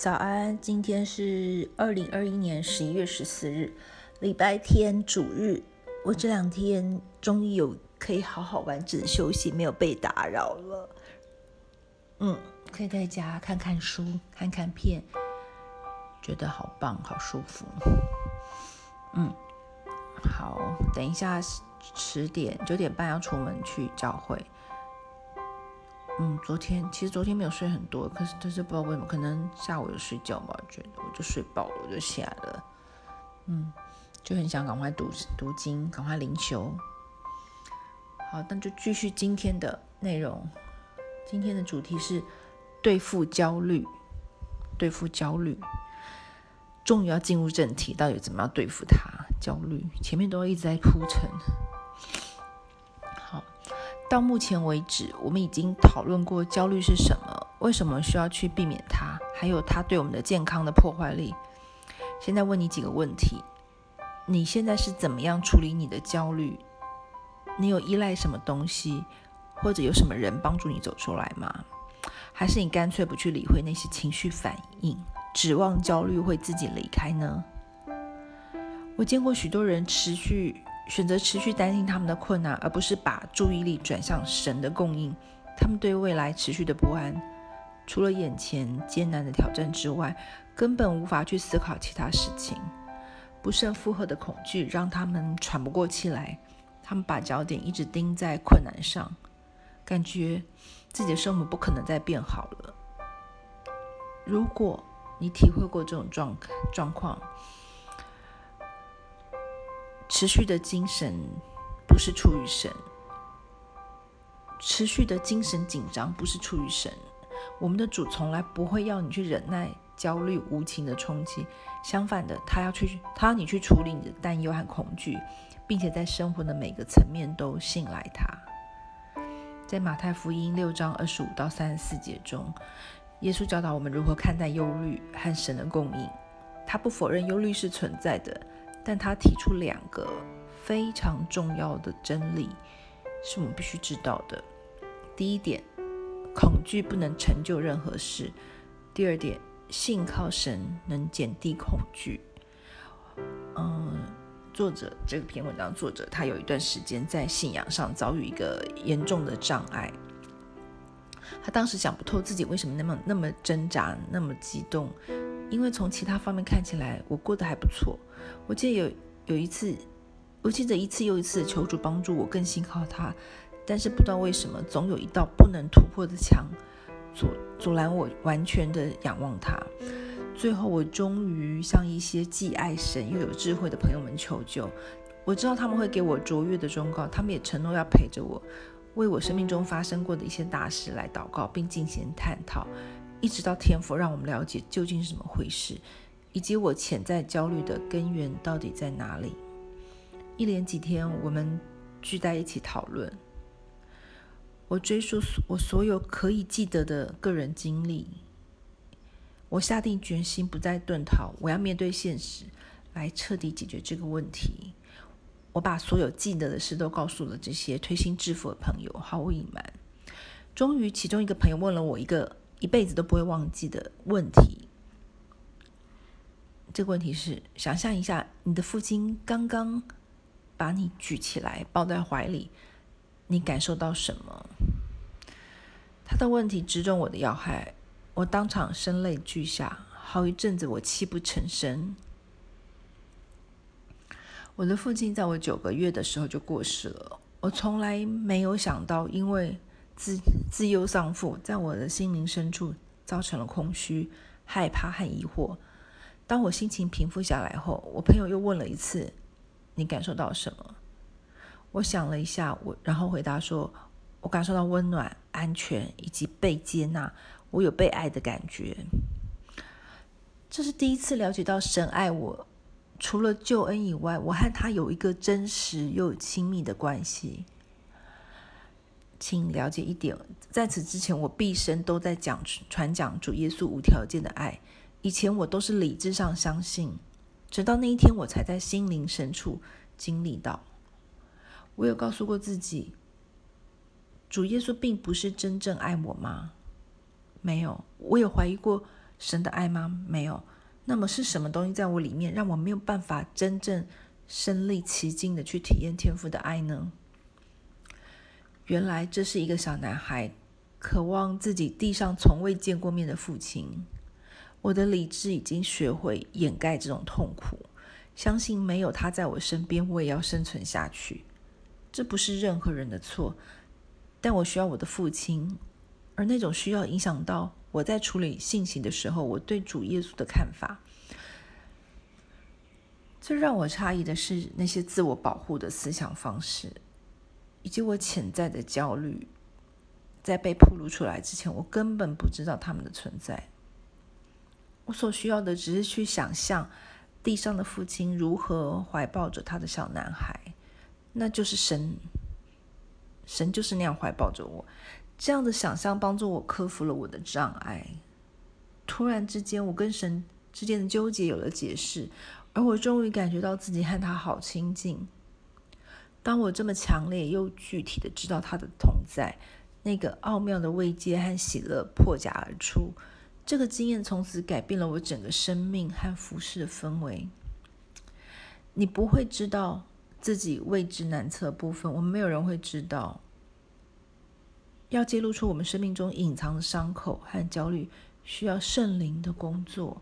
早安，今天是二零二一年十一月十四日，禮拜天主日。我這兩天終於有可以好好完整休息，沒有被打擾了。嗯，可以在家看看書、看看片，覺得好棒、好舒服。嗯，好，等一下十點，九點半要出門去教會。嗯，昨天其實昨天沒有睡很多，可是但是不知道為什麼，可能下午有睡覺吧，我覺得我就睡飽了，我就起來了。嗯，就很想趕快讀讀經，趕快靈修。好，那就繼續今天的內容。今天的主題是對付焦慮，對付焦慮。終於要進入正題，到底怎麼樣對付它？焦慮前面都一直在鋪陳。到目前為止，我們已經討論過焦慮是什麼，為什麼需要去避免它，還有它對我們的健康的破壞力。現在問你幾個問題：你現在是怎麼樣處理你的焦慮？你有依賴什麼東西，或者有什麼人幫助你走出來嗎？還是你乾脆不去理會那些情緒反應，指望焦慮會自己離開呢？我見過許多人持續。選擇持續擔心他們的困難，而不是把注意力轉向神的供應。他們對未來持續的不安，除了眼前艱難的挑戰之外，根本無法去思考其他事情。不勝負荷的恐懼讓他們喘不過氣來。他們把焦點一直盯在困難上，感覺自己的生活不可能再變好了。如果你體會過這種狀狀況，持續的精神不是出於神，持續的精神緊張不是出於神。我們的主從來不會要你去忍耐焦慮無情的衝擊，相反的，他要去，他要你去處理你的擔憂和恐懼，並且在生活的每個層面都信賴他。在馬太福音六章二十五到三十四節中，耶穌教導我們如何看待憂慮和神的供應。他不否認憂慮是存在的。但他提出兩個非常重要的真理，是我們必須知道的。第一點，恐懼不能成就任何事；第二點，信靠神能減低恐懼。嗯，作者這個篇文章作者他有一段時間在信仰上遭遇一個嚴重的障礙，他當時想不透自己為什麼那麼那麼掙扎，那麼激動，因為從其他方面看起來，我過得還不錯。我記得有有一次，我記得一次又一次的求主幫助我，更信靠他。但是不知道為什麼，總有一道不能突破的牆，阻阻攔我完全的仰望他。最後，我終於向一些既愛神又有智慧的朋友們求救。我知道他們會給我卓越的忠告，他們也承諾要陪着我，為我生命中發生過的一些大事來禱告，並進行探討，一直到天父讓我們了解究竟是怎麼回事。以及我潛在焦慮的根源到底在哪裡？一連幾天，我們聚在一起討論。我追溯我所有可以記得的個人經歷。我下定決心不再遁逃，我要面對現實，來徹底解決這個問題。我把所有記得的事都告訴了這些推心置腹的朋友，毫無隱瞞。終於，其中一個朋友問了我一個一輩子都不會忘記的問題。這個問題是：想象一下，你的父親剛剛把你舉起來抱在懷裡，你感受到什麼？他的問題直中我的要害，我當場聲淚俱下，好一陣子我泣不成聲。我的父親在我九個月的時候就過世了，我從來沒有想到，因為自自幼喪父，在我的心靈深處造成了空虛、害怕和疑惑。當我心情平復下來後，我朋友又問了一次：“你感受到什麼？”我想了一下，我然後回答說：“我感受到溫暖、安全以及被接納，我有被愛的感覺。這是第一次了解到神愛我，除了救恩以外，我和他有一個真實又親密的關係。”請了解一點，在此之前，我畢生都在講傳講主耶穌無條件的愛。以前我都是理智上相信，直到那一天我才在心靈深處經歷到。我有告訴過自己，主耶穌並不是真正愛我嗎？沒有。我有懷疑過神的愛嗎？沒有。那麼是什麼東西在我裡面，讓我沒有辦法真正身歷其境地去體驗天父的愛呢？原來，這是一個小男孩，渴望自己地上從未見過面的父親。我的理智已經學會掩蓋這種痛苦，相信沒有他在我身邊，我也要生存下去。這不是任何人的錯，但我需要我的父親，而那種需要影響到我在處理信息的時候，我對主耶穌的看法。最讓我詫異的是那些自我保護的思想方式，以及我潛在的焦慮，在被暴露出來之前，我根本不知道他們的存在。我所需要的只是去想象地上的父親如何懷抱着他的小男孩，那就是神，神就是那樣懷抱着我。這樣的想象幫助我克服了我的障礙。突然之間，我跟神之間的糾結有了解釋，而我終於感覺到自己和他好親近。當我這麼強烈又具體的知道他的同在，那個奧妙的慰藉和喜樂破閘而出。這個經驗從此改變了我整個生命和服事的氛圍。你不會知道自己未知難測的部分，我們沒有人會知道。要揭露出我們生命中隱藏的傷口和焦慮，需要聖靈的工作。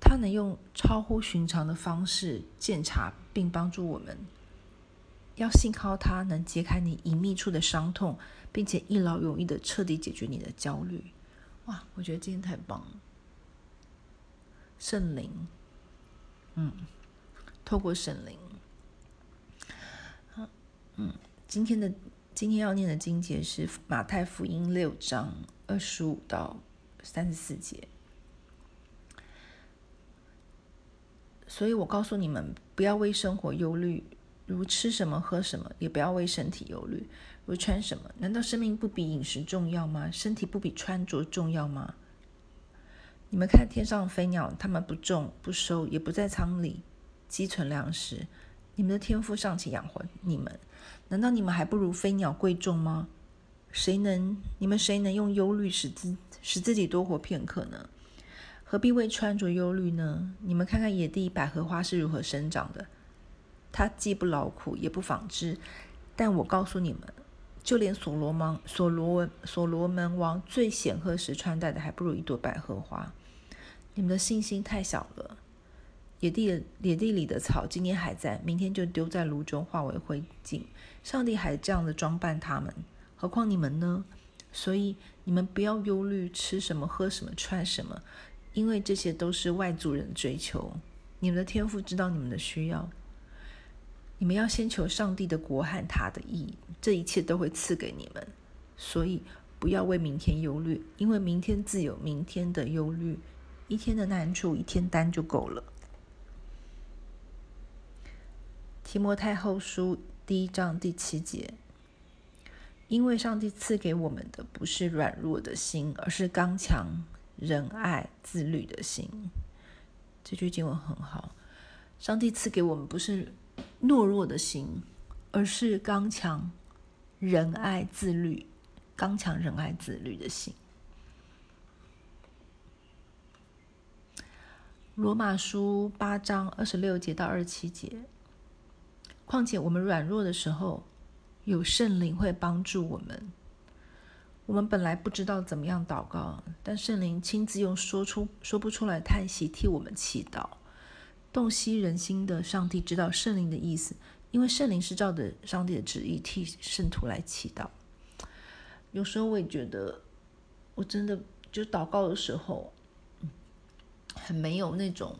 他能用超乎尋常的方式鑒察並幫助我們。要信靠他，能揭開你隱秘處的傷痛，並且一勞永逸地徹底解決你的焦慮。哇，我覺得今天太棒了！聖靈，嗯，透過聖靈，嗯，今天的今天要念的經節是馬太福音六章二十五到三十四節，所以我告訴你們，不要為生活憂慮。如吃什麼喝什麼，也不要為身體憂慮；如穿什麼，難道生命不比飲食重要嗎？身體不比穿着重要嗎？你們看天上飛鳥，它們不種、不收，也不在倉裡積存糧食。你們的天父尚且養活你們，難道你們還不如飛鳥貴重嗎？誰能？你們誰能用憂慮使自使自己多活片刻呢？何必為穿着憂慮呢？你們看看野地百合花是如何生長的。他既不勞苦，也不紡織。但我告訴你們，就連所羅門、所羅文、所羅門王最顯赫時穿戴的，還不如一朵百合花。你們的信心太小了。野地野地裡的草，今天還在，明天就丟在爐中化為灰燼。上帝還這樣的裝扮他們，何況你們呢？所以你們不要憂慮，吃什麼，喝什麼，穿什麼，因為這些都是外族人的追求。你們的天父知道你們的需要。你們要先求上帝的國和他的義這一切都會賜給你們。所以不要為明天憂慮，因為明天自有明天的憂慮，一天的難處一天擔就夠了。提摩太後書第一章第七節：因為上帝賜給我們的不是軟弱的心，而是剛強、仁愛、自律的心。這句經文很好。上帝賜給我們不是。懦弱的心，而是剛強、仁愛、自律、剛強、仁愛、自律的心。羅馬書八章二十六節到二十七節。況且，我們軟弱的時候，有聖靈會幫助我們。我們本來不知道怎麼樣禱告，但聖靈親自用說出說不出來的嘆息替我們祈禱。洞悉人心的上帝知道聖靈的意思，因為聖靈是照着上帝的旨意替聖徒來祈禱。有時候我也覺得，我真的就禱告的時候，很沒有那種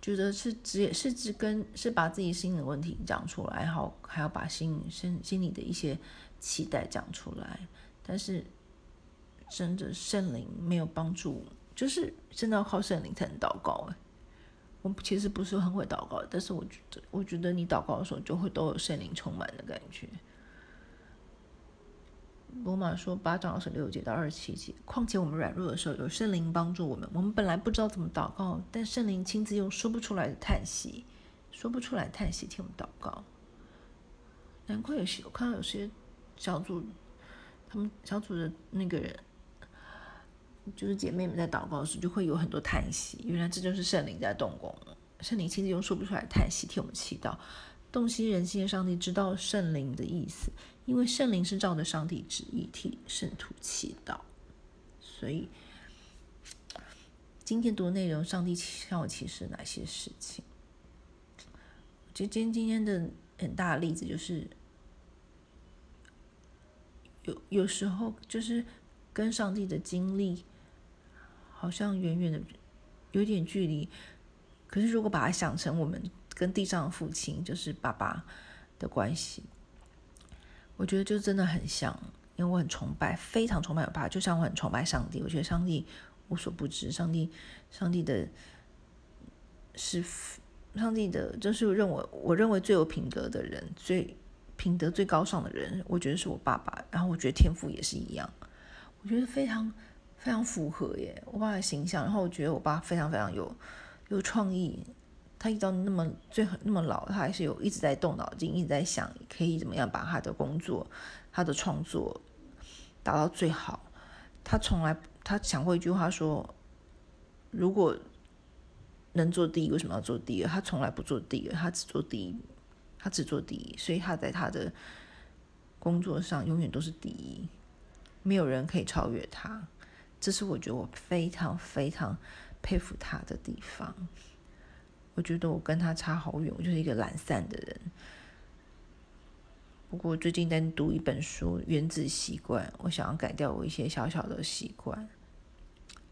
覺得是只也是只跟是把自己心裡問題講出來，還好還要把心心心裡的一些期待講出來。但是真的聖靈沒有幫助，就是真的要靠聖靈才能禱告哎。我其實不是很會禱告，但是我覺得，我覺得你禱告的時候就會都有聖靈充滿的感覺。羅馬書八章二十六節到二十七節。況且我們軟弱的時候有聖靈幫助我們，我們本來不知道怎麼禱告，但聖靈親自用說不出來的嘆息，說不出來的嘆息替我們禱告。難怪有些我看到有些小組，他們小組的那個人。就是姐妹們在禱告時，就會有很多嘆息。原來這就是聖靈在動工，聖靈其實又說不出來嘆息替我們祈禱。洞悉人心的上帝知道聖靈的意思，因為聖靈是照着上帝旨意替聖徒祈禱。所以今天讀的內容，上帝向我啟示哪些事情？今天今天的很大的例子就是，有有時候就是跟上帝的經歷。好像遠遠的有點距離，可是如果把它想成我們跟地上的父親，就是爸爸的關係，我覺得就真的很像，因為我很崇拜，非常崇拜我爸爸，就像我很崇拜上帝，我覺得上帝無所不知，上帝，上帝的，師是上帝的，就是認為我認為最有品德的人，最品德最高尚的人，我覺得是我爸爸，然後我覺得天父也是一樣，我覺得非常。非常符合耶，我爸的形象。然後我覺得我爸非常非常有有創意。他一直到那麼最那麼老，他還是有一直在動腦筋，一直在想可以怎麼樣把他的工作、他的創作達到最好。他從來他講過一句話說，如果能做第一，為什麼要做第二？他從來不做第二，他只做第一，他只做第一，所以他在他的工作上永遠都是第一，沒有人可以超越他。這是我覺得我非常非常佩服他的地方。我覺得我跟他差好遠，我就是一個懶散的人。不過最近在讀一本書《原子習慣》，我想要改掉我一些小小的習慣，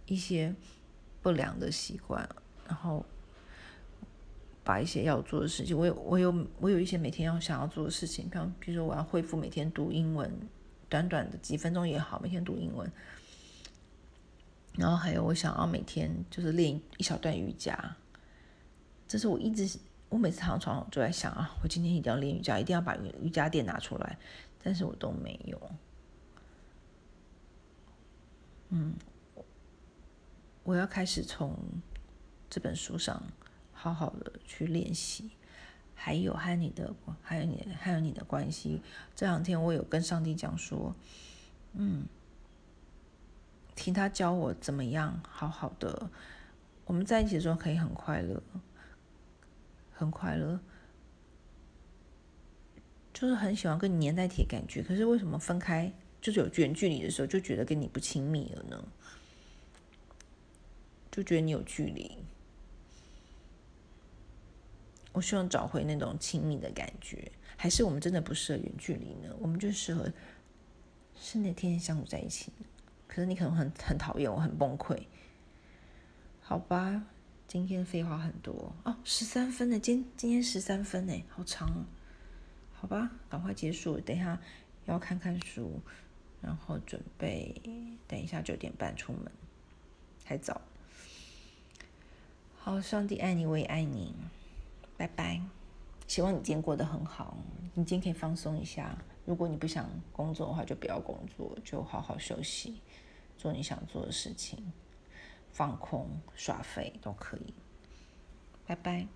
一些不良的習慣，然後把一些要做的事情，我有我有我有一些每天要想要做的事情，比方，比如說我要恢復每天讀英文，短短的幾分鐘也好，每天讀英文。然後還有，我想要，啊、每天就是練一小段瑜伽，這是我一直，我每次躺床上我就在想啊，我今天一定要練瑜伽，一定要把瑜瑜伽墊拿出來，但是我都沒有。嗯，我要開始從這本書上好好的去練習，還有和你的，還有你，還有你的關係。這兩天我有跟上帝講說，嗯。聽他教我怎麼樣好好的，我們在一起的時候可以很快樂，很快樂，就是很喜歡跟你黏在一起的感覺。可是為什麼分開就是有遠距離的時候就覺得跟你不親密了呢？就覺得你有距離。我希望找回那種親密的感覺，還是我們真的不適合遠距離呢？我們就適合是那天天相處在一起。可是你可能很很討厭我，很崩潰，好吧？今天廢話很多哦，十三分呢，今天今天十三分呢，好長哦。好吧，趕快結束，等一下要看看書，然後準備等一下九點半出門，太早。好，上帝愛你，我也愛你，拜拜。希望你今天過得很好，你今天可以放鬆一下。如果你不想工作的話，就不要工作，就好好休息，做你想做的事情，放空、耍廢都可以。拜拜。